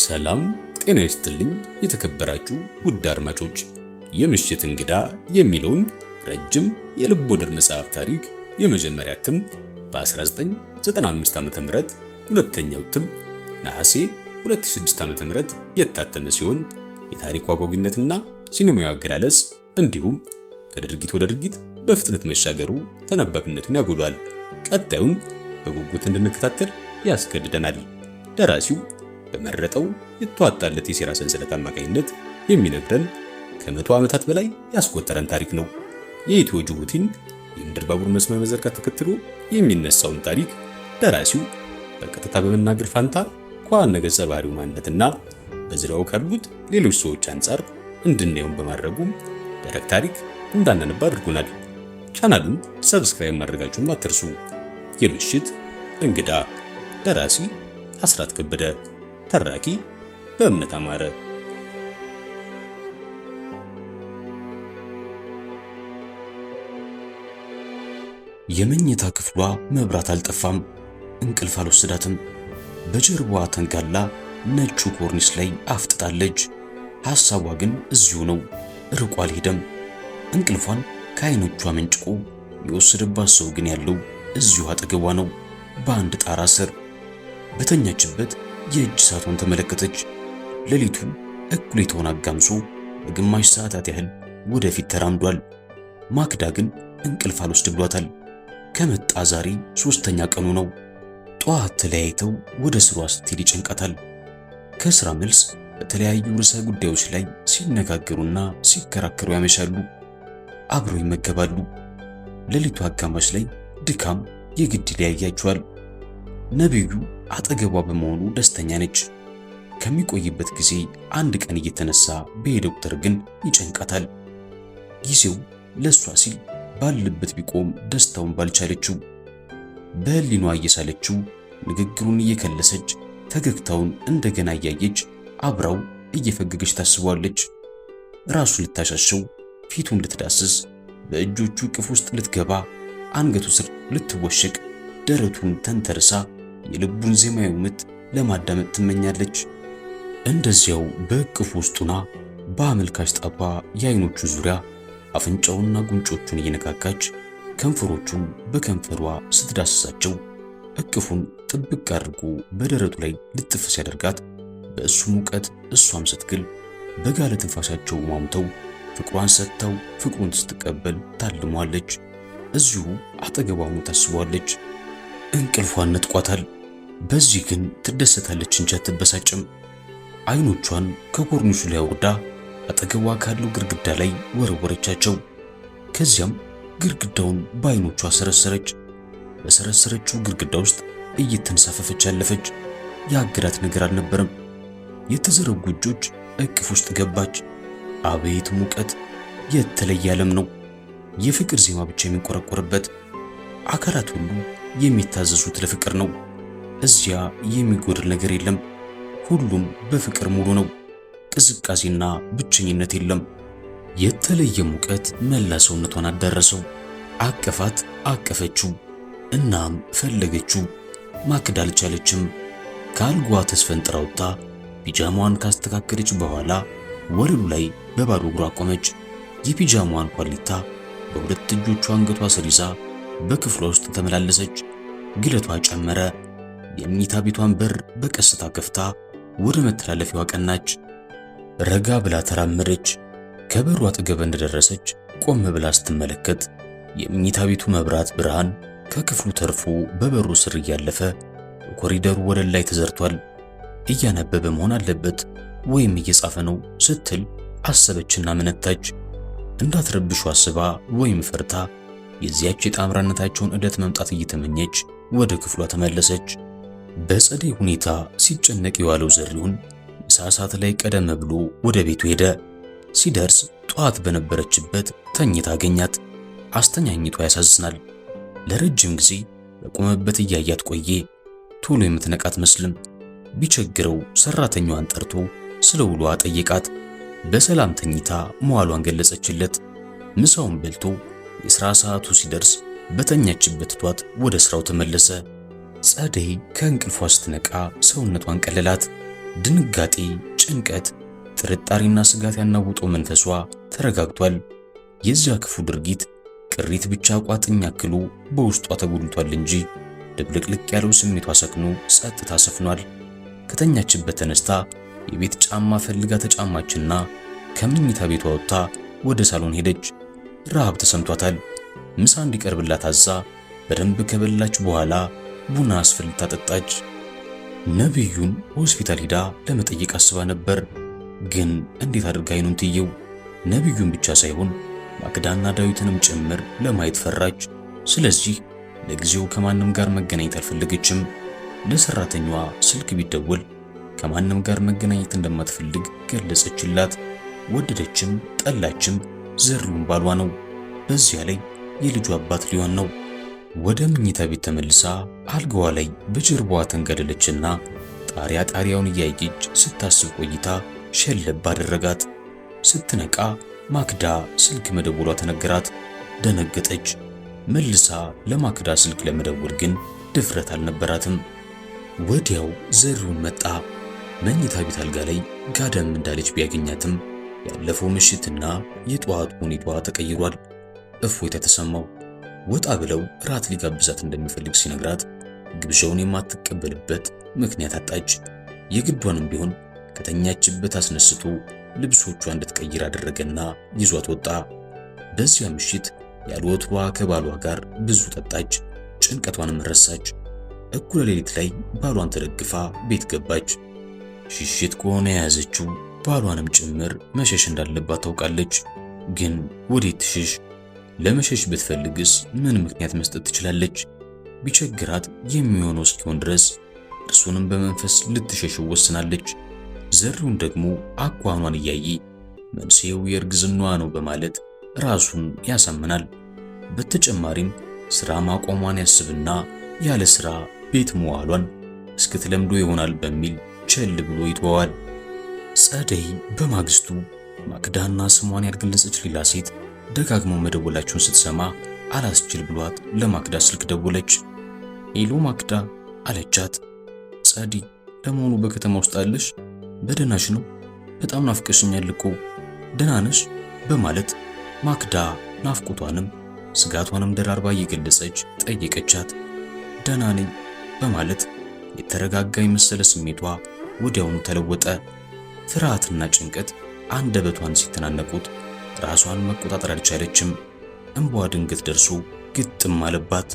ሰላም ጤና ይስጥልኝ የተከበራችሁ ውድ አድማጮች፣ የምሽት እንግዳ የሚለውን ረጅም የልብ ወለድ መጽሐፍ ታሪክ የመጀመሪያ እትም በ1995 ዓ.ም ሁለተኛው እትም ነሐሴ ዓ ዓ.ም የታተመ ሲሆን የታሪኩ አጓጊነትና ሲኒማዊ አገላለጽ እንዲሁም ከድርጊት ወደ ድርጊት በፍጥነት መሻገሩ ተነባቢነቱን ያጎሏል። ቀጣዩን በጉጉት እንድንከታተል ያስገድደናል። ደራሲው በመረጠው የተዋጣለት የሴራ ሰንሰለት አማካኝነት የሚነግረን ከመቶ ዓመታት በላይ ያስቆጠረን ታሪክ ነው። የኢትዮ ጅቡቲን የምድር ባቡር መስመር መዘርጋት ተከትሎ የሚነሳውን ታሪክ ደራሲው በቀጥታ በመናገር ፋንታ ከዋና ገጸ ባህሪው ማንነትና በዙሪያው ካሉት ሌሎች ሰዎች አንጻር እንድናየውን በማድረጉ ደረቅ ታሪክ እንዳናነባ አድርጎናል። ቻናሉን ሰብስክራይብ ማድረጋችሁን አትርሱ። የምሽት እንግዳ ደራሲ አስራት ከበደ ተራኪ በእምነት አማረ የመኝታ ክፍሏ መብራት አልጠፋም፣ እንቅልፍ አልወሰዳትም። በጀርባዋ ተንጋላ ነጩ ኮርኒስ ላይ አፍጥጣለች። ሐሳቧ ግን እዚሁ ነው፣ ርቆ አልሄደም። እንቅልፏን ከዓይኖቿ መንጭቆ የወሰደባት ሰው ግን ያለው እዚሁ አጠገቧ ነው፣ በአንድ ጣራ ስር በተኛችበት የእጅ ሰዓቷን ተመለከተች። ሌሊቱ እኩሌታውን አጋምሶ በግማሽ ሰዓታት ያህል ወደፊት ተራምዷል። ማክዳ ግን እንቅልፍ አልወስድ ብሏታል። ከመጣ ዛሬ ሶስተኛ ቀኑ ነው። ጠዋት ተለያይተው ወደ ስሯ ስትሄድ ይጨንቃታል። ከስራ መልስ በተለያዩ ርዕሰ ጉዳዮች ላይ ሲነጋገሩና ሲከራከሩ ያመሻሉ። አብረው ይመገባሉ። ሌሊቱ አጋማሽ ላይ ድካም የግድ ሊያያቸዋል። ነቢዩ አጠገቧ በመሆኑ ደስተኛ ነች። ከሚቆይበት ጊዜ አንድ ቀን እየተነሳ በሄዶክተር ግን ይጨንቃታል። ጊዜው ለእሷ ሲል ባለበት ቢቆም ደስታውን ባልቻለችው በህሊኗ እየሳለችው ንግግሩን እየከለሰች ፈገግታውን እንደገና እያየች አብራው እየፈገገች ታስቧለች። ራሱን ልታሻሸው ፊቱን ልትዳስስ በእጆቹ ቅፍ ውስጥ ልትገባ አንገቱ ስር ልትወሸቅ ደረቱን ተንተርሳ የልቡን ዜማዊ ምት ለማዳመጥ ትመኛለች። እንደዚያው በእቅፍ ውስጡና በአመልካች ጣባ የአይኖቹ ዙሪያ አፍንጫውና ጉንጮቹን እየነካካች ከንፈሮቹን በከንፈሯ ስትዳስሳቸው እቅፉን ጥብቅ አድርጎ በደረቱ ላይ ልጥፍ ሲያደርጋት በእሱ ሙቀት እሷም ስትግል በጋለ ትንፋሻቸው ማምተው ፍቅሯን ሰጥተው ፍቅሩን ስትቀበል ታልሟለች። እዚሁ አጠገቧ ሆኖ ታስቧለች። እንቅልፏን ነጥቋታል። በዚህ ግን ትደሰታለች እንጂ አትበሳጭም። አይኖቿን ከኮርኒሱ ላይ አውርዳ አጠገቧ ካለው ግድግዳ ላይ ወረወረቻቸው። ከዚያም ግድግዳውን በአይኖቿ ሰረሰረች። በሰረሰረችው ግድግዳ ውስጥ እየተንሳፈፈች ያለፈች። ያገዳት ነገር አልነበረም። የተዘረጉ እጆች እቅፍ ውስጥ ገባች። አቤት ሙቀት! የተለየ ዓለም ነው። የፍቅር ዜማ ብቻ የሚንቆረቆርበት አካላት ሁሉ የሚታዘዙት ለፍቅር ነው። እዚያ የሚጎድል ነገር የለም። ሁሉም በፍቅር ሙሉ ነው። ቅዝቃዜና ብቸኝነት የለም። የተለየ ሙቀት መላ ሰውነቷን አዳረሰው። አቀፋት፣ አቀፈችው፣ እናም ፈለገችው። ማክድ አልቻለችም። ከአልጋዋ ተስፈንጥራ ወጥታ ፒጃማዋን ካስተካከለች በኋላ ወለሉ ላይ በባዶ እግሯ ቆመች። የፒጃማዋን ኳሊታ በሁለት እጆቿ አንገቷ ስር ይዛ በክፍሏ ውስጥ ተመላለሰች። ግለቷ ጨመረ። የመኝታ ቤቷን በር በቀስታ ከፍታ ወደ መተላለፊያዋ ቀናች። ረጋ ብላ ተራመደች። ከበሩ አጠገብ እንደደረሰች ቆም ብላ ስትመለከት የመኝታ ቤቱ መብራት ብርሃን ከክፍሉ ተርፎ በበሩ ስር እያለፈ ኮሪደሩ ወለል ላይ ተዘርቷል። እያነበበ መሆን አለበት ወይም እየጻፈ ነው ስትል አሰበችና መነታች። እንዳትረብሹ አስባ ወይም ፈርታ የዚያች የጣምራነታቸውን እደት መምጣት እየተመኘች ወደ ክፍሏ ተመለሰች። በጸደይ ሁኔታ ሲጨነቅ የዋለው ዘሪሁን ምሳ ሰዓት ላይ ቀደም ብሎ ወደ ቤቱ ሄደ። ሲደርስ ጠዋት በነበረችበት ተኝታ አገኛት። አስተኛኝቷ ያሳዝናል። ለረጅም ጊዜ በቆመበት እያያት ቆየ። ቶሎ የምትነቃ መስልም ቢቸግረው ሰራተኛዋን ጠርቶ ስለ ውሏ ጠየቃት። በሰላም ተኝታ መዋሏን ገለጸችለት። ምሳውን በልቶ የሥራ ሰዓቱ ሲደርስ በተኛችበት ቷት ወደ ሥራው ተመለሰ። ፀደይ ከእንቅልፏ ስትነቃ ሰውነቷን ቀለላት። ድንጋጤ፣ ጭንቀት፣ ጥርጣሬና ስጋት ያናውጠው መንፈሷ ተረጋግቷል። የዚያ ክፉ ድርጊት ቅሪት ብቻ ቋጥኝ ያክሉ በውስጧ ተጎድቷል እንጂ ድብልቅልቅ ያለው ስሜቷ ሰክኖ ጸጥታ ሰፍኗል። ከተኛችበት ተነስታ የቤት ጫማ ፈልጋ ተጫማችና ከምኝታ ቤቷ ወጥታ ወደ ሳሎን ሄደች። ረሃብ ተሰምቷታል። ምሳ እንዲቀርብላት አዛ በደንብ ከበላች በኋላ ቡና አስፈልታ ጠጣች። ነቢዩን ሆስፒታል ሂዳ ለመጠየቅ አስባ ነበር። ግን እንዴት አድርጋ አይኑን ትየው? ነቢዩን ብቻ ሳይሆን ማክዳና ዳዊትንም ጭምር ለማየት ፈራች። ስለዚህ ለጊዜው ከማንም ጋር መገናኘት አልፈለገችም። ለሰራተኛዋ ስልክ ቢደወል ከማንም ጋር መገናኘት እንደማትፈልግ ገለጸችላት። ወደደችም ጠላችም ዘሪሁን ባሏ ነው። በዚያ ላይ የልጁ አባት ሊሆን ነው። ወደ መኝታ ቤት ተመልሳ አልጋዋ ላይ በጀርባዋ ተንገደለችና ጣሪያ ጣሪያውን እያየች ስታስብ ቆይታ ሸለብ አደረጋት። ስትነቃ ማክዳ ስልክ መደወሏ ተነገራት። ደነገጠች። መልሳ ለማክዳ ስልክ ለመደወል ግን ድፍረት አልነበራትም። ወዲያው ዘሪሁን መጣ። መኝታ ቤት አልጋ ላይ ጋደም እንዳለች ቢያገኛትም ያለፈው ምሽትና የጠዋቱ ሁኔቷ ተቀይሯል። እፎይታ ተሰማው። ወጣ ብለው ራት ሊጋብዛት እንደሚፈልግ ሲነግራት ግብዣውን የማትቀበልበት ምክንያት አጣች። የግዷንም ቢሆን ከተኛችበት አስነስቶ ልብሶቿ እንድትቀይር አደረገና ይዟት ወጣ። በዚያ ምሽት ያልወቷ ከባሏ ጋር ብዙ ጠጣች፣ ጭንቀቷንም ረሳች። እኩለ ሌሊት ላይ ባሏን ተደግፋ ቤት ገባች። ሽሽት ከሆነ የያዘችው ባሏንም ጭምር መሸሽ እንዳለባት ታውቃለች። ግን ወዴት ትሸሽ? ለመሸሽ ብትፈልግስ ምን ምክንያት መስጠት ትችላለች? ቢቸግራት የሚሆነው እስኪሆን ድረስ እርሱንም በመንፈስ ልትሸሽ ወስናለች። ዘሪውን ደግሞ አኳኗን እያየ መንስኤው የእርግዝናዋ ነው በማለት ራሱን ያሳምናል። በተጨማሪም ስራ ማቆሟን ያስብና ያለ ስራ ቤት መዋሏን እስክትለምዶ ይሆናል በሚል ቸል ብሎ ይተወዋል። ጸደይ በማግስቱ ማክዳና ስሟን ያልገለጸች ሌላ ሴት ደጋግሞ መደወላቸውን ስትሰማ አላስችል ብሏት ለማክዳ ስልክ ደወለች። ሄሎ ማክዳ አለቻት። ጸዲ ለመሆኑ በከተማ ውስጥ አለሽ? በደናሽ ነው? በጣም ናፍቀሽኛል እኮ ደህና ነሽ? በማለት ማክዳ ናፍቆቷንም ስጋቷንም ደራርባ እየገለጸች ጠየቀቻት። ደህና ነኝ በማለት የተረጋጋ የመሰለ ስሜቷ ወዲያውኑ ተለወጠ። ፍርሃትና ጭንቀት አንደበቷን ሲተናነቁት ራሷን መቆጣጠር አልቻለችም። እንባዋ ድንገት ደርሶ ግጥም አለባት።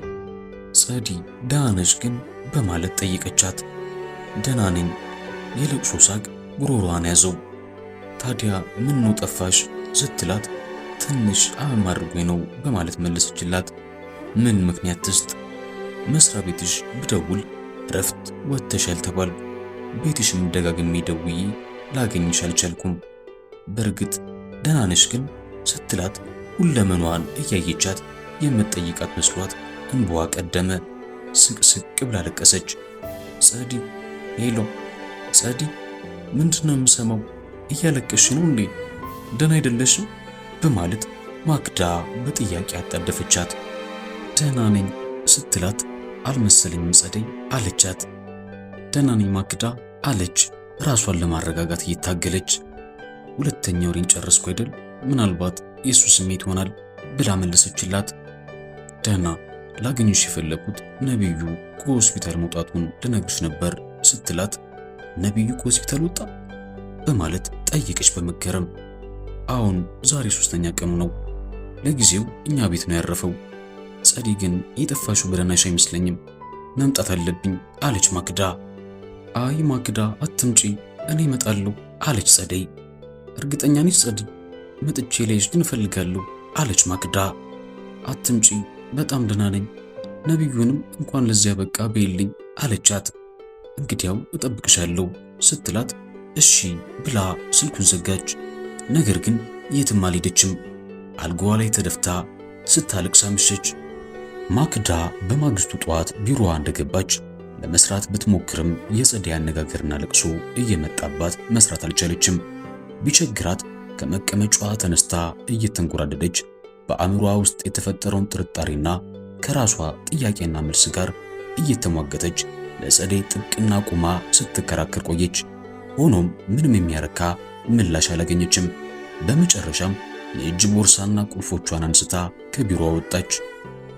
ጸዲ ደህና ግን በማለት ጠየቀቻት። ደህና ነኝ። የልቅሶ ሳቅ ጉሮሯን ያዘው። ታዲያ ምን ነው ጠፋሽ ስትላት ትንሽ አመም አድርጎኝ ነው በማለት መለሰችላት። ምን ምክንያት ትስጥ? መስሪያ ቤትሽ ብደውል እረፍት ወጥተሻል ተባል። ቤትሽም ደጋግሜ ደውዬ ላገኝሽ አልቻልኩም። በእርግጥ ደህና ነሽ ግን ስትላት ሁለመኗን እያየቻት የምትጠይቃት መስሏት እንባዋ ቀደመ። ስቅ ብላ ለቀሰች። ጸዲ ሄሎ፣ ጸዲ ምንድነው የምሰማው? እያለቀሽ ነው እንዴ? ደህና አይደለሽም? በማለት ማክዳ በጥያቄ አጣደፈቻት። ደህና ነኝ ስትላት አልመሰለኝም ጸደይ አለቻት። ደህና ነኝ ማክዳ አለች። ራሷን ለማረጋጋት እየታገለች ሁለተኛ ወሬን ጨረስኩ አይደል ምናልባት የእሱ ስሜት ይሆናል ብላ መለሰችላት። ደህና ላገኘሽ የፈለኩት ነቢዩ ከሆስፒታል መውጣቱን ልነግርሽ ነበር ስትላት ነቢዩ ከሆስፒታል ወጣ በማለት ጠየቀች በመገረም። አሁን ዛሬ ሶስተኛ ቀኑ ነው። ለጊዜው እኛ ቤት ነው ያረፈው። ጸዲ ግን የጠፋሽው ብለናሽ አይመስለኝም መምጣት አለብኝ አለች ማክዳ። አይ ማግዳ አትምጪ፣ እኔ እመጣለሁ አለች ጸደይ። እርግጠኛ ነሽ ጸደይ? መጥቼ ልጅ ግን እፈልጋለሁ አለች ማግዳ። አትምጪ፣ በጣም ደህና ነኝ። ነቢዩንም እንኳን ለዚያ በቃ በይልኝ አለቻት። እንግዲያው እጠብቅሻለሁ ስትላት እሺ ብላ ስልኩን ዘጋች። ነገር ግን የትም አልሄደችም። አልጋዋ ላይ ተደፍታ ስታለቅስ አመሸች። ማክዳ በማግስቱ ጠዋት ቢሮዋ እንደገባች ለመስራት ብትሞክርም የጸደይ አነጋገርና ለቅሶ እየመጣባት መስራት አልቻለችም። ቢቸግራት ከመቀመጫዋ ተነስታ እየተንጎራደደች በአምሯ ውስጥ የተፈጠረውን ጥርጣሬና ከራሷ ጥያቄና መልስ ጋር እየተሟገተች ለጸደይ ጥብቅና ቁማ ስትከራከር ቆየች። ሆኖም ምንም የሚያረካ ምላሽ አላገኘችም። በመጨረሻም የእጅ ቦርሳና ቁልፎቿን አንስታ ከቢሮዋ ወጣች።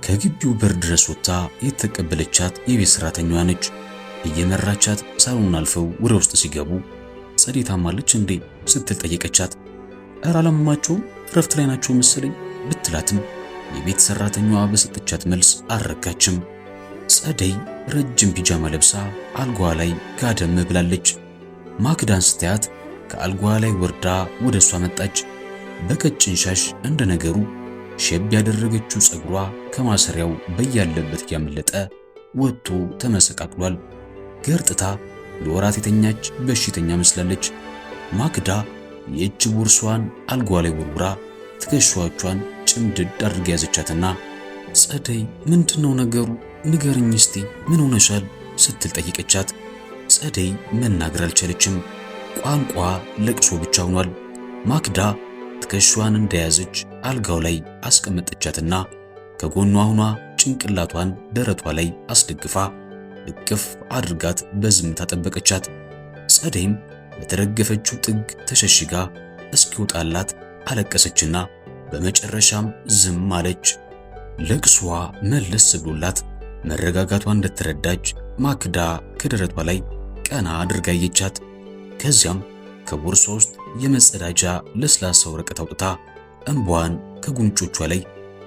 ከግቢው በር ድረስ ወጥታ የተቀበለቻት የቤት ሰራተኛዋ ነች። እየመራቻት ሳሎኑን አልፈው ወደ ውስጥ ሲገቡ ጸዴ ታማለች እንዴ ስትል ጠየቀቻት። እረ አላመማቸውም እረፍት ላይ ናቸው መሰለኝ ብትላትም የቤት ሰራተኛዋ በሰጠቻት መልስ አረጋችም። ጸደይ ረጅም ፒጃማ ለብሳ አልጓ ላይ ጋደም ብላለች። ማክዳን ስታያት ከአልጓ ላይ ወርዳ ወደ እሷ መጣች። በቀጭን ሻሽ እንደ ነገሩ ሼብ ያደረገችው ፀጉሯ ከማሰሪያው በያለበት ያመለጠ ወጥቶ ተመሰቃቅሏል። ገርጥታ ለወራት የተኛች በሽተኛ መስላለች። ማክዳ የእጅ ቦርሷን አልጓ ላይ ወርውራ ትከሻዎቿን ጭምድድ አድርጋ ያዘቻትና ጸደይ ምንድነው ነገሩ ንገርኝ እስቲ ምን ሆነሻል ስትል ጠይቀቻት። ጸደይ መናገር አልቻለችም። ቋንቋ ለቅሶ ብቻ ሆኗል። ማክዳ ትከሻዋን እንደያዘች አልጋው ላይ አስቀመጠቻትና ከጎኗ ሆና ጭንቅላቷን ደረቷ ላይ አስደግፋ እቅፍ አድርጋት በዝምታ ጠበቀቻት። ጸደይም በተረገፈችው ጥግ ተሸሽጋ እስኪወጣላት አለቀሰችና በመጨረሻም ዝም አለች። ለቅሷ መለስ ብሎላት መረጋጋቷን እንደተረዳች ማክዳ ከደረቷ ላይ ቀና አድርጋ አየቻት። ከዚያም ከቦርሷ ውስጥ የመጸዳጃ ለስላሳ ወረቀት አውጥታ እንቧን ከጉንጮቿ ላይ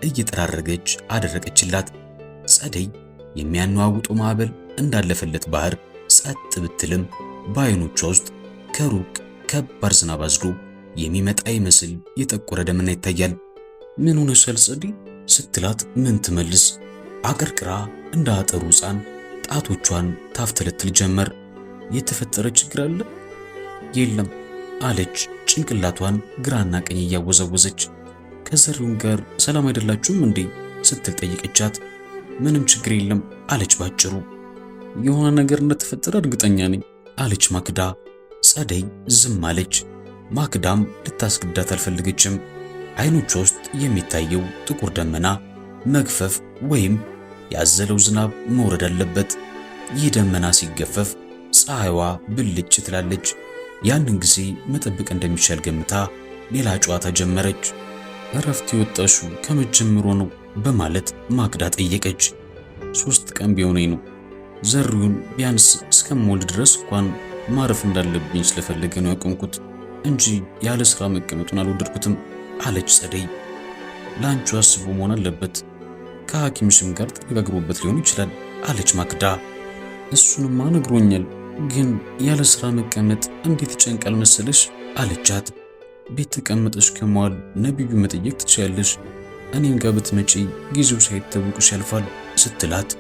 እየጠራረገች አደረቀችላት። ጸደይ የሚያነዋውጡ ማዕበል እንዳለፈለት ባህር ጸጥ ብትልም በአይኖቿ ውስጥ ከሩቅ ከባድ ዝናብ አዝሎ የሚመጣ ይመስል የጠቆረ ደመና ይታያል። ምን ሆነሻል ጸደይ ስትላት ምን ትመልስ አቀርቅራ እንደ አጠሩ ሕፃን ጣቶቿን ታፍተለትል ጀመር። የተፈጠረ ችግር አለ? የለም አለች ጭንቅላቷን ግራና ቀኝ እያወዛወዘች። ከዘሪውን ጋር ሰላም አይደላችሁም እንዴ ስትል ጠይቀቻት። ምንም ችግር የለም አለች ባጭሩ። የሆነ ነገር እንደተፈጠረ እርግጠኛ ነኝ አለች ማክዳ። ጸደይ ዝም አለች። ማክዳም ልታስገዳት አልፈልገችም አይኖቿ ውስጥ የሚታየው ጥቁር ደመና መግፈፍ ወይም ያዘለው ዝናብ መውረድ አለበት። ይህ ደመና ሲገፈፍ ፀሐይዋ ብልጭ ትላለች። ያንን ጊዜ መጠበቅ እንደሚቻል ገምታ ሌላ ጨዋታ ጀመረች። እረፍት የወጣሹ ከመጀመሩ ነው በማለት ማክዳ ጠየቀች። ሶስት ቀን ቢሆነኝ ነው ዘሪውን ቢያንስ እስከምወልድ ድረስ እንኳን ማረፍ እንዳለብኝ ስለፈለገ ነው ያቆምኩት እንጂ ያለ ስራ መቀመጡን አልወደድኩትም አለች ጸደይ። ለአንቺ አስቦ መሆን አለበት፣ ከሐኪምሽም ጋር ተነጋግሮበት ሊሆን ይችላል አለች ማክዳ። እሱንማ ነግሮኛል ግን ያለ ስራ መቀመጥ እንዴት ይጨንቃል መሰለሽ አለቻት። ቤት ተቀምጠሽ ከመዋል ነቢዩ መጠየቅ ትችያለሽ፣ እኔም ጋር ብትመጪ ጊዜው ሳይታወቅሽ ያልፋል ስትላት፣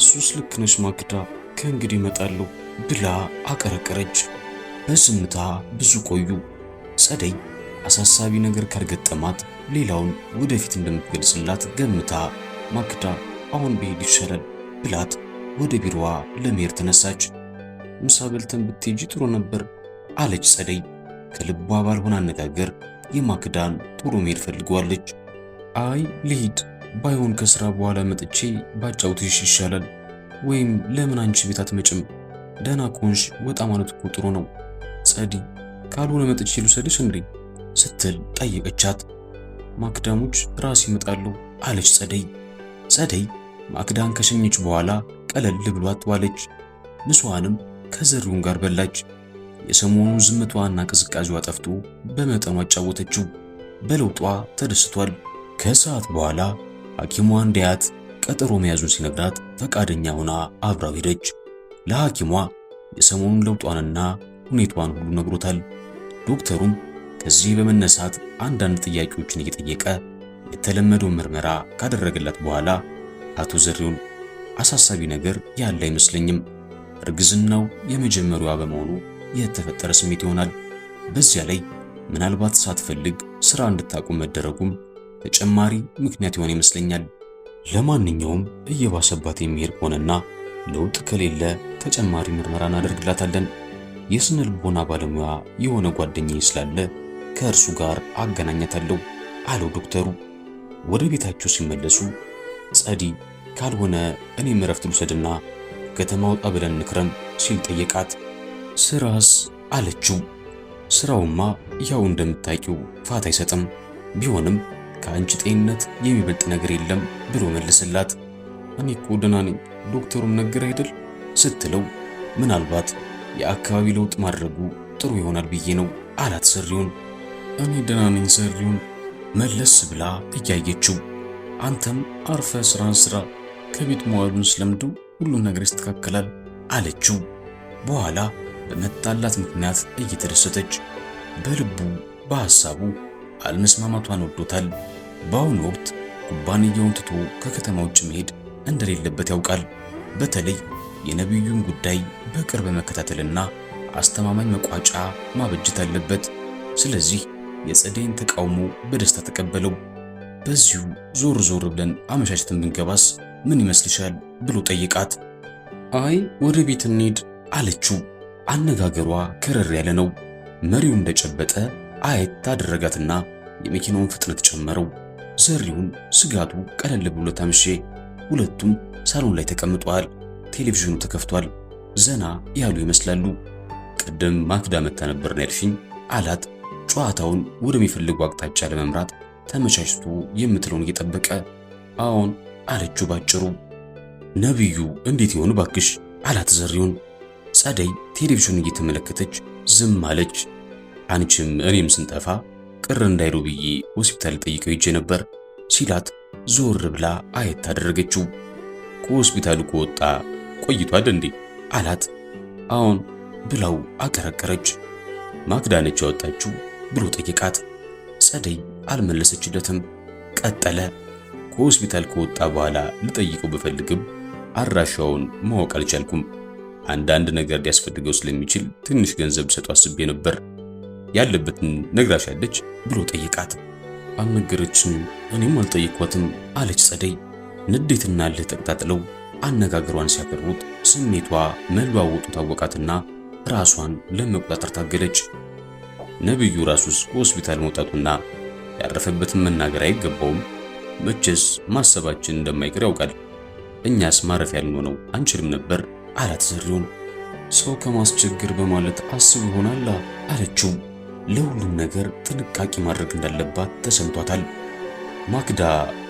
እሱስ ልክ ነሽ ማክዳ፣ ከእንግዲህ እመጣለሁ ብላ አቀረቀረች። በዝምታ ብዙ ቆዩ። ጸደይ አሳሳቢ ነገር ካልገጠማት ሌላውን ወደፊት እንደምትገልጽላት ገምታ ማክዳ አሁን ብሄድ ይሻላል ብላት ወደ ቢሮዋ ለመሄድ ተነሳች። ምሳ በልተን ብትሄጂ ጥሩ ነበር አለች ፀደይ። ከልቧ ባልሆነ አነጋገር የማክዳን ጥሩ መሄድ ፈልገዋለች። አይ ልሂድ፣ ባይሆን ከስራ በኋላ መጥቼ ባጫውትሽ ይሻላል። ወይም ለምን አንቺ ቤት አትመጭም? ደህና ኮንሽ ወጣ ማለት እኮ ጥሩ ነው። ጸዲ፣ ካልሆነ መጥቼ ልውሰድሽ እንዴ ስትል ጠየቀቻት። ማክዳሞች ራስ ይመጣሉ አለች ፀደይ። ፀደይ ማክዳን ከሸኘች በኋላ ቀለል ብሏት ዋለች። ንሷንም ከዘሩን ጋር በላች። የሰሞኑን ዝምቷና ቅዝቃዜዋ ጠፍቶ በመጠኑ አጫወተችው። በለውጧ ተደስቷል። ከሰዓት በኋላ ሐኪሟ እንዲያት ቀጠሮ መያዙን ሲነግራት ፈቃደኛ ሆና አብራው ሄደች። ለሐኪሟ የሰሞኑን ለውጧንና ሁኔታዋን ሁሉ ነግሮታል። ዶክተሩም ከዚህ በመነሳት አንዳንድ ጥያቄዎችን እየጠየቀ የተለመደውን ምርመራ ካደረገላት በኋላ አቶ ዘሪሁን አሳሳቢ ነገር ያለ አይመስለኝም እርግዝናው የመጀመሪያዋ በመሆኑ የተፈጠረ ስሜት ይሆናል። በዚያ ላይ ምናልባት ሳትፈልግ ስራ እንድታቆም መደረጉም ተጨማሪ ምክንያት ይሆን ይመስለኛል። ለማንኛውም እየባሰባት የሚሄድ ከሆነና ለውጥ ከሌለ ተጨማሪ ምርመራ እናደርግላታለን። የስነ ልቦና ባለሙያ የሆነ ጓደኛዬ ስላለ ከእርሱ ጋር አገናኛታለሁ አለው ዶክተሩ። ወደ ቤታቸው ሲመለሱ ጸዲ ካልሆነ እኔም እረፍት ልውሰድና ከተማ ወጣ ብለን እንክረም ሲል ጠየቃት። ስራስ አለችው። ስራውማ ያው እንደምታውቂው ፋታ አይሰጥም፣ ቢሆንም ከአንቺ ጤንነት የሚበልጥ ነገር የለም ብሎ መልስላት። እኔ እኮ ደህና ነኝ ዶክተሩም ነገር አይደል ስትለው ምናልባት የአካባቢ ለውጥ ማድረጉ ጥሩ ይሆናል ብዬ ነው አላት ሰሪውን። እኔ ደህና ነኝ ሰሪውን መለስ ብላ እያየችው አንተም አርፈ ስራን ስራ ከቤት መዋሉን ስለምደው ሁሉም ነገር ይስተካከላል አለችው። በኋላ በመጣላት ምክንያት እየተደሰተች በልቡ በሐሳቡ አልመስማማቷን ወዶታል። በአሁኑ ወቅት ኩባንያውን ትቶ ከከተማ ውጭ መሄድ እንደሌለበት ያውቃል። በተለይ የነቢዩን ጉዳይ በቅርብ መከታተልና አስተማማኝ መቋጫ ማበጀት አለበት። ስለዚህ የጸደይን ተቃውሞ በደስታ ተቀበለው። በዚሁ ዞር ዞር ብለን አመሻሸትን ብንገባስ ምን ይመስልሻል? ብሎ ጠይቃት። አይ ወደ ቤት እንሂድ አለችው። አነጋገሯ ከረር ያለ ነው። መሪው እንደጨበጠ አየት አደረጋትና የመኪናውን ፍጥነት ጨመረው። ዘሪሁን ስጋቱ ቀለል ብሎ ታምሼ፣ ሁለቱም ሳሎን ላይ ተቀምጠዋል። ቴሌቪዥኑ ተከፍቷል። ዘና ያሉ ይመስላሉ። ቅድም ማክዳ መታ ነበር ነው ያልሽኝ አላት። ጨዋታውን ወደሚፈልጉ አቅጣጫ ለመምራት ተመቻችቶ የምትለውን እየጠበቀ አዎን አለችው ባጭሩ። ነቢዩ እንዴት ይሆኑ ባክሽ አላት ዘሪውን። ጸደይ ቴሌቪዥኑን እየተመለከተች ዝም አለች። አንቺም እኔም ስንጠፋ ቅር እንዳይሉ ብዬ ሆስፒታል ጠይቀው ይጄ ነበር ሲላት ዞር ብላ አየት አደረገችው። ከሆስፒታሉ ከወጣ ቆይቷል እንዴ አላት። አዎን ብላው አቀረቀረች። ማክዳነች ያወጣችው ብሎ ጠየቃት። ጸደይ አልመለሰችለትም። ቀጠለ ከሆስፒታል ከወጣ በኋላ ልጠይቀው ብፈልግም አድራሻውን ማወቅ አልቻልኩም። አንዳንድ ነገር ሊያስፈልገው ስለሚችል ትንሽ ገንዘብ ሰጡ አስቤ ነበር። ያለበትን ነግራሻለች ብሎ ጠይቃት። አልነገረችኝም፣ እኔም አልጠየኳትም አለች ጸደይ። ንዴትና እልህ ተቀጣጥለው አነጋገሯን ሲያቀርቡት ስሜቷ መለዋወጡ ታወቃትና ራሷን ለመቆጣጠር ታገለች። ነብዩ ራሱስ ሆስፒታል መውጣቱና ያረፈበትን መናገር አይገባውም። መቼስ ማሰባችን እንደማይቀር ያውቃል። እኛስ ማረፍ ያልሆነው አንችልም ነበር አላት ዘሪሁን። ሰው ከማስቸገር በማለት አስብ ይሆናል አለችው። ለሁሉም ነገር ጥንቃቄ ማድረግ እንዳለባት ተሰምቷታል። ማክዳ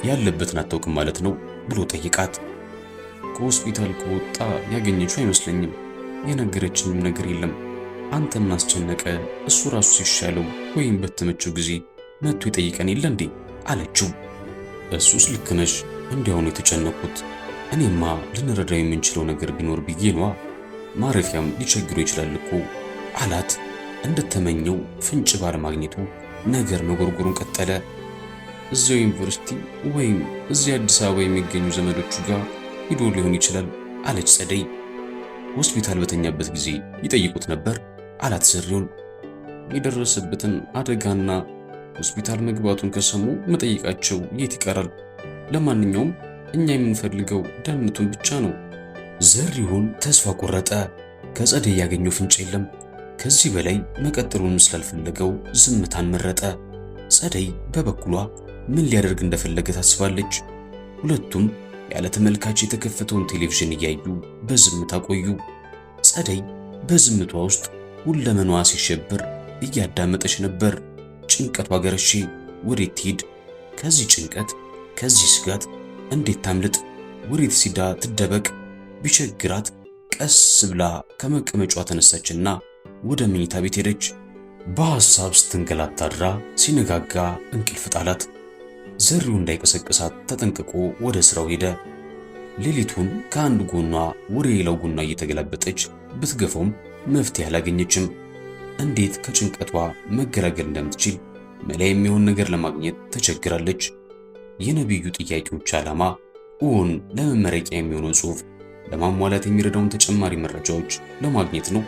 ያለበትን አታውቅም ማለት ነው ብሎ ጠይቃት። ከሆስፒታል ከወጣ ያገኘችው አይመስለኝም። የነገረችኝም ነገር የለም። አንተ አስጨነቀ? እሱ ራሱ ሲሻለው ወይም በተመቸው ጊዜ መጥቶ ይጠይቀን የለ እንዴ አለችው። እሱስ ልክ ነሽ። እንዲያውኑ የተጨነቁት እኔማ ልንረዳው የምንችለው ነገር ቢኖር ብዬ ነዋ። ማረፊያም ሊቸግሮ ይችላል እኮ አላት። እንደተመኘው ፍንጭ ባለማግኘቱ ነገር መጎርጎሩን ቀጠለ። እዚያው ዩኒቨርሲቲ ወይም እዚህ አዲስ አበባ የሚገኙ ዘመዶቹ ጋር ሂዶ ሊሆን ይችላል አለች ጸደይ። ሆስፒታል በተኛበት ጊዜ ይጠይቁት ነበር አላት ስሪውን። የደረሰበትን አደጋና ሆስፒታል መግባቱን ከሰሙ መጠየቃቸው የት ይቀራል? ለማንኛውም እኛ የምንፈልገው ደህንነቱን ብቻ ነው። ዘሪሁን ተስፋ ቆረጠ። ከፀደይ ያገኘው ፍንጭ የለም። ከዚህ በላይ መቀጠሉንም ስላልፈለገው ዝምታን መረጠ። ፀደይ በበኩሏ ምን ሊያደርግ እንደፈለገ ታስባለች። ሁለቱም ያለ ተመልካች የተከፈተውን ቴሌቪዥን እያዩ በዝምታ ቆዩ። ፀደይ በዝምቷ ውስጥ ሁለመናዋ ሲሸብር እያዳመጠች ነበር። ጭንቀቷ ገረሼ። ወዴት ትሄድ? ከዚህ ጭንቀት፣ ከዚህ ስጋት እንዴት ታምልጥ? ወሬት ሲዳ ትደበቅ? ቢቸግራት ቀስ ብላ ከመቀመጫዋ ተነሳችና ወደ መኝታ ቤት ሄደች። በሐሳብ ስትንገላታ አድራ ሲነጋጋ እንቅልፍ ጣላት። ዘሪው እንዳይቀሰቅሳት ተጠንቅቆ ወደ ስራው ሄደ። ሌሊቱን ከአንድ ጎኗ ወደ ሌላው ጎኗ እየተገላበጠች ብትገፋውም መፍትሄ አላገኘችም። እንዴት ከጭንቀቷ መገላገል እንደምትችል መላ የሚሆን ነገር ለማግኘት ተቸግራለች። የነቢዩ ጥያቄዎች ዓላማ እውን ለመመረቂያ የሚሆነው ጽሑፍ ለማሟላት የሚረዳውን ተጨማሪ መረጃዎች ለማግኘት ነው።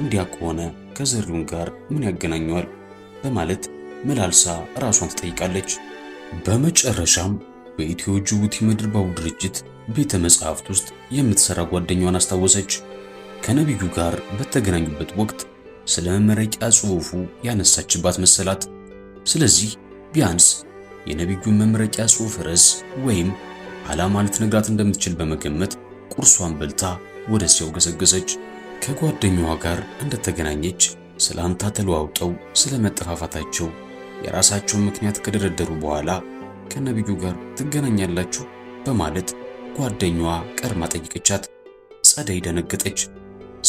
እንዲያ ከሆነ ከዘሪውን ጋር ምን ያገናኘዋል? በማለት መላልሳ ራሷን ትጠይቃለች። በመጨረሻም በኢትዮ ጅቡቲ ምድር ባቡር ድርጅት ቤተ መጻሕፍት ውስጥ የምትሰራ ጓደኛዋን አስታወሰች። ከነቢዩ ጋር በተገናኙበት ወቅት ስለ መመረቂያ ጽሑፉ ያነሳችባት መሰላት። ስለዚህ ቢያንስ የነቢዩን መመረቂያ ጽሑፍ ርዕስ ወይም ዓላማ ልትነግራት እንደምትችል በመገመት ቁርሷን በልታ ወደ ገሰገሰች። ከጓደኛዋ ጋር እንደተገናኘች ሰላምታ ተለዋውጠው ስለ መጠፋፋታቸው የራሳቸውን ምክንያት ከደረደሩ በኋላ ከነቢዩ ጋር ትገናኛላችሁ በማለት ጓደኛዋ ቀር ጠይቀቻት። ጸደይ ደነገጠች።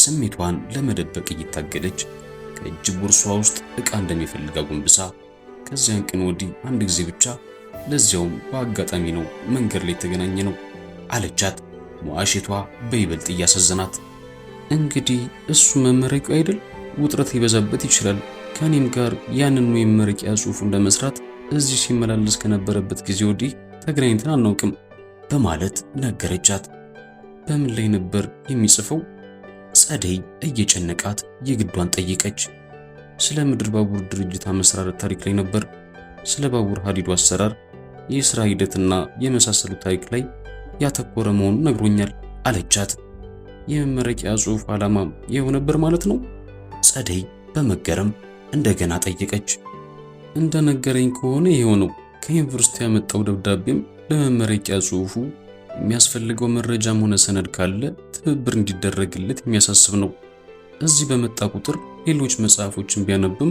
ስሜቷን ለመደበቅ እየታገለች ከእጅ ቦርሷ ውስጥ ዕቃ እንደሚፈልግ አጎንብሳ ከዚያን ቀን ወዲህ አንድ ጊዜ ብቻ ለዚያውም በአጋጣሚ ነው መንገድ ላይ የተገናኘ ነው አለቻት። ሞአሽቷ በይበልጥ እያሳዘናት እንግዲህ እሱ መመረቂው አይደል ውጥረት ሊበዛበት ይችላል። ከእኔም ጋር ያንኑ የመመረቂያ ጽሑፉን ለመስራት እዚህ ሲመላለስ ከነበረበት ጊዜ ወዲህ ተገናኝተን አናውቅም በማለት ነገረቻት። በምን ላይ ነበር የሚጽፈው? ጸደይ እየጨነቃት የግዷን ጠይቀች። ስለ ምድር ባቡር ድርጅት አመሰራረት ታሪክ ላይ ነበር። ስለ ባቡር ሀዲዱ አሰራር፣ የስራ ሂደትና የመሳሰሉ ታሪክ ላይ ያተኮረ መሆኑን ነግሮኛል አለቻት። የመመረቂያ ጽሑፍ ዓላማም ይኸው ነበር ማለት ነው? ጸደይ በመገረም እንደገና ጠየቀች። እንደነገረኝ ከሆነ ይኸው ነው። ከዩኒቨርሲቲ ያመጣው ደብዳቤም ለመመረቂያ ጽሑፉ የሚያስፈልገው መረጃም ሆነ ሰነድ ካለ ትብብር እንዲደረግለት የሚያሳስብ ነው። እዚህ በመጣ ቁጥር ሌሎች መጽሐፎችን ቢያነብም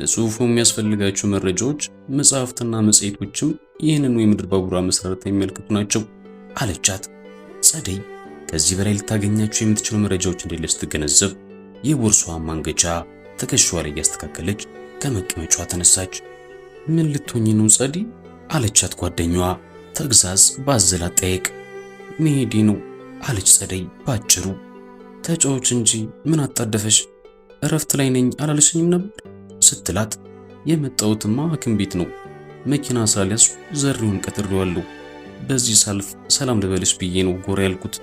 ለጽሑፉ የሚያስፈልጋቸው መረጃዎች መጽሐፍትና መጽሔቶችም ይህንኑ የምድር ባቡራ መሠረት የሚመልክቱ ናቸው አለቻት። ጸደይ ከዚህ በላይ ልታገኛቸው የምትችለው መረጃዎች እንደሌለ ስትገነዘብ የቦርሷን ማንገቻ ትከሻዋ ላይ እያስተካከለች ከመቀመጫዋ ተነሳች። ምን ልትሆኝ ነው ጸዲ? አለቻት ጓደኛዋ ተግዛዝ ባዘላ ጠየቅ። መሄዴ ነው አለች ጸደይ ባጭሩ። ተጫዎች እንጂ ምን አጣደፈሽ? እረፍት ላይ ነኝ አላልሽኝም ነበር ስትላት የመጣሁትማ ሐኪም ቤት ነው መኪና ሳልያዝ ዘሪውን ቀጥሬዋለሁ። በዚህ ሳልፍ ሰላም ልበልሽ ብዬ ነው ጎራ ያልኩት።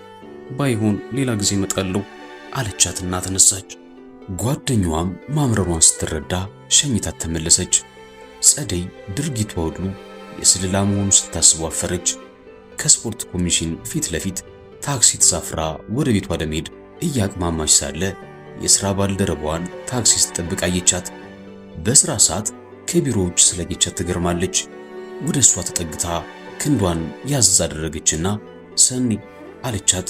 ባይሆን ሌላ ጊዜ እመጣለሁ አለቻትና ተነሳች። ጓደኛዋም ማምረሯን ስትረዳ ሸኝታት ተመለሰች። ጸደይ ድርጊቷ ሁሉ የስልላ መሆኑ ስታስቡ አፈረች። ከስፖርት ኮሚሽን ፊት ለፊት ታክሲ ተሳፍራ ወደ ቤቷ ለመሄድ እያቅማማች ሳለ የሥራ ባልደረባዋን ታክሲ ስትጠብቅ አየቻት። በሥራ ሰዓት ከቢሮ ውጭ ስላየቻት ትገርማለች። ወደ እሷ ተጠግታ ክንዷን ያዝዝ አደረገችና ሰኒ አለቻት።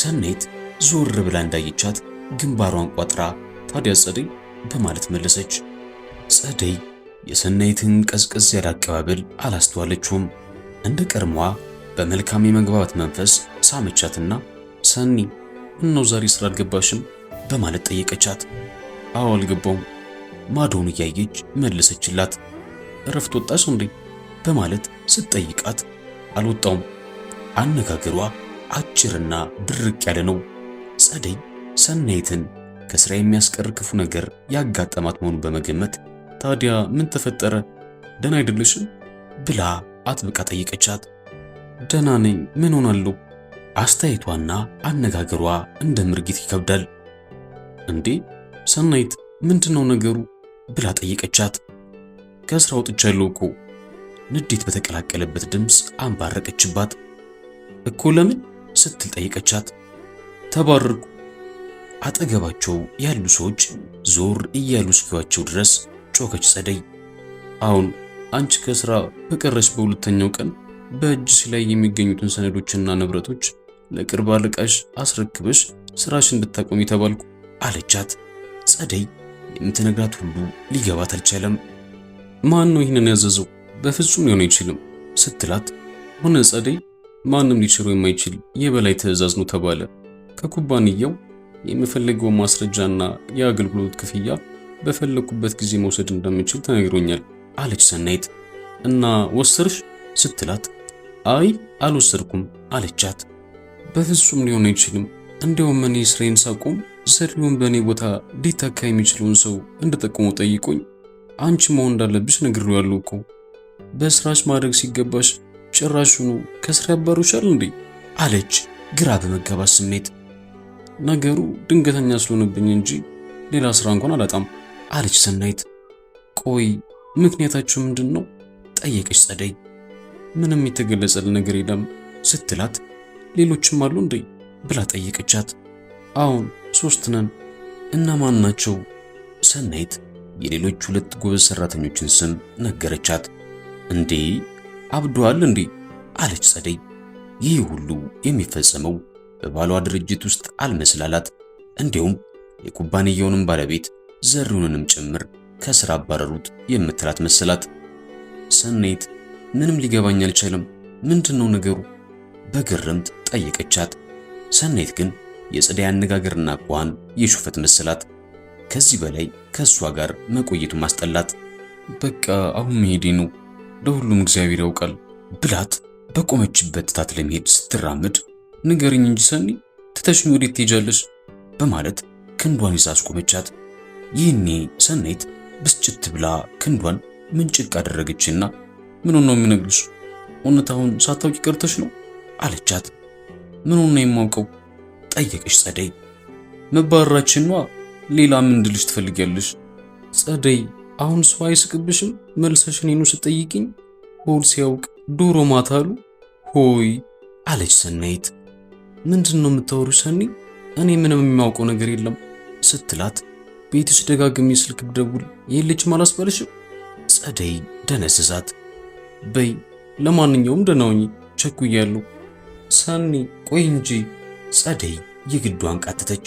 ሰኔት ዞር ብላ እንዳየቻት ግንባሯን ቋጥራ ታዲያ ጸደይ በማለት መለሰች። ጸደይ የሰናይትን ቀዝቀዝ ያለ አቀባበል አላስተዋለችውም። እንደ ቀርሟ በመልካም የመግባባት መንፈስ ሳመቻትና ሰኒ እነው ዛሬ ስራ አልገባሽም በማለት ጠየቀቻት። አዎ አልገባውም ማዶን እያየች መለሰችላት። እረፍት ወጣሽ እንዴ በማለት ስትጠይቃት አልወጣውም። አነጋገሯ አጭርና ድርቅ ያለ ነው። ጸደይ ሰናይትን ከስራ የሚያስቀር ክፉ ነገር ያጋጠማት መሆኑን በመገመት ታዲያ ምን ተፈጠረ? ደህና አይደለሽም ብላ አጥብቃ ጠየቀቻት። ደህና ነኝ፣ ምን ሆናለሁ? አስተያየቷና አነጋገሯ እንደ ምርጊት ይከብዳል። እንዴ ሰናይት ምንድነው ነገሩ ብላ ጠየቀቻት። ከስራ ወጥቻለሁ እኮ ንዴት በተቀላቀለበት ድምፅ አንባረቀችባት። እኮ ለምን ስትል ጠየቀቻት። ተባረርኩ። አጠገባቸው ያሉ ሰዎች ዞር እያሉ እስኪዋቸው ድረስ ጮኸች ጸደይ። አሁን አንቺ ከስራ በቀረች በሁለተኛው ቀን በእጅሽ ላይ የሚገኙትን ሰነዶችና ንብረቶች ለቅርብ አለቃሽ አስረክበሽ ስራሽ እንድታቆም የተባልኩ አለቻት። ጸደይ የምትነግራት ሁሉ ሊገባት አልቻለም። ማን ነው ይህንን ያዘዘው? በፍጹም ሊሆን አይችልም ስትላት ሆነ ጸደይ ማንም ሊችለው የማይችል የበላይ ትዕዛዝ ነው ተባለ። ከኩባንያው የምፈልገው ማስረጃና የአገልግሎት ክፍያ በፈለግኩበት ጊዜ መውሰድ እንደምችል ተነግሮኛል አለች ሰናይት። እና ወሰርሽ ስትላት አይ አልወሰድኩም አለቻት። በፍጹም ሊሆን አይችልም። እንዲያውም እኔ ስራዬን ሳቆም ዘሪሁን በእኔ ቦታ ሊተካ የሚችለውን ሰው እንደጠቆሙ ጠይቆኝ አንቺ መሆን እንዳለብሽ ያለው እኮ በስራሽ ማድረግ ሲገባሽ ጭራሹኑ ከስራ ያባሩሻል እንዴ አለች ግራ በመጋባት ስሜት። ነገሩ ድንገተኛ ስለሆነብኝ እንጂ ሌላ ስራ እንኳን አላጣም አለች ሰናይት። ቆይ ምክንያታችሁ ምንድን ነው ጠየቀች ጸደይ። ምንም የተገለጸል ነገር የለም ስትላት ሌሎችም አሉ እንዴ ብላ ጠየቀቻት። አሁን ሶስት ነን። እነማን ናቸው? ሰናይት የሌሎች ሁለት ጎበዝ ሰራተኞችን ስም ነገረቻት። እንዴ አብዷል እንዴ አለች ጸደይ። ይህ ሁሉ የሚፈጸመው በባሏ ድርጅት ውስጥ አልመስላላት። እንዲሁም የኩባንያውንም ባለቤት ዘሪውንንም ጭምር ከስራ አባረሩት የምትላት መሰላት። ሰናይት ምንም ሊገባኝ አልቻለም፣ ምንድን ነው ነገሩ? በግርምት ጠየቀቻት። ሰናይት ግን የፀደይ አነጋገርና ቋን የሹፈት መሰላት። ከዚህ በላይ ከእሷ ጋር መቆየቱ ማስጠላት። በቃ አሁን መሄዴ ነው፣ ለሁሉም እግዚአብሔር ያውቃል ብላት በቆመችበት ትታት ለመሄድ ስትራመድ ንገርኝ እንጂ ሰኒ ትተሽኝ ወዴት ትሄጃለሽ? በማለት ክንዷን ይዛ አስቆመቻት። ይህኔ ሰናይት ብስጭት ብላ ክንዷን ምንጭቅ አደረገችና ምን ነው የምነግርሽ እውነታውን ሳታውቂ ቀርተሽ ነው አለቻት። ምን ነው የማውቀው ጠየቀች ጸደይ። መባረራችን ሌላ ምን እንድልሽ ትፈልጊያለሽ? ጸደይ አሁን ሰው አይስቅብሽም? መልሰሽ እኔኑ ስጠይቅኝ ሆል ሲያውቅ ዶሮ ማታሉ ሆይ አለች ሰናይት። ምንድን ነው የምታወሩ ሰኒ? እኔ ምንም የሚያውቀው ነገር የለም ስትላት ቤትሽ ደጋግሜ ስልክ ብደውል የለችም አላስባልሽም? ጸደይ ደነስሳት። በይ ለማንኛውም ደህና ሁኚ፣ ቸኩያለሁ። ሰኒ ቆይ እንጂ ጸደይ የግዷን ቃተተች።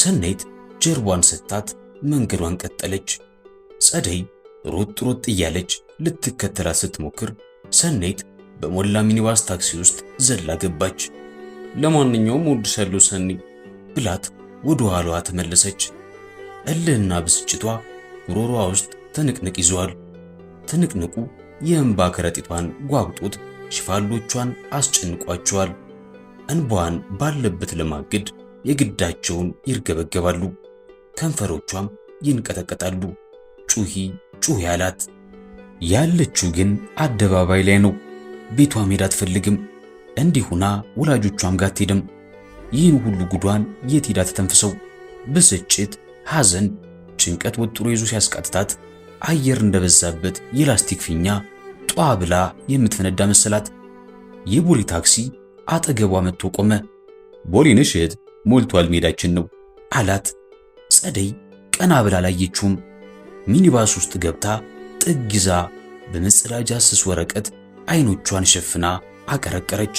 ሰናይት ጀርቧን ሰታት መንገዷን ቀጠለች። ጸደይ ሮጥ ሮጥ እያለች ልትከተላት ስትሞክር ሰናይት በሞላ ሚኒባስ ታክሲ ውስጥ ዘላ ገባች። ለማንኛውም እወድሻለሁ ሰኒ ብላት ወደ ኋላዋ ተመለሰች። እልህና ብስጭቷ ጉሮሮዋ ውስጥ ትንቅንቅ ይዟል። ትንቅንቁ የእንባ ከረጢቷን ጓጉጦት ሽፋሎቿን አስጨንቋቸዋል። እንባዋን ባለበት ለማገድ የግዳቸውን ይርገበገባሉ። ከንፈሮቿም ይንቀጠቀጣሉ። ጩሂ ጩሂ አላት። ያለችው ግን አደባባይ ላይ ነው። ቤቷ መሄድ አትፈልግም። እንዲሁና ወላጆቿም ጋር አትሄድም። ይህን ሁሉ ጉዷን የት ሄዳ ተተንፍሰው? ብስጭት፣ ሐዘን፣ ጭንቀት ወጥሮ ይዞ ሲያስቃጥታት አየር እንደበዛበት የላስቲክ ፊኛ ጧ ብላ የምትፈነዳ መሰላት። የቦሌ ታክሲ አጠገቧ መጥቶ ቆመ። ቦሌ ምሽት ሞልቷል፣ ሜዳችን ነው አላት። ጸደይ ቀና ብላ ላየችውም። ሚኒባስ ውስጥ ገብታ ጥግ ይዛ በመጸዳጃ ስስ ወረቀት አይኖቿን ሸፍና አቀረቀረች።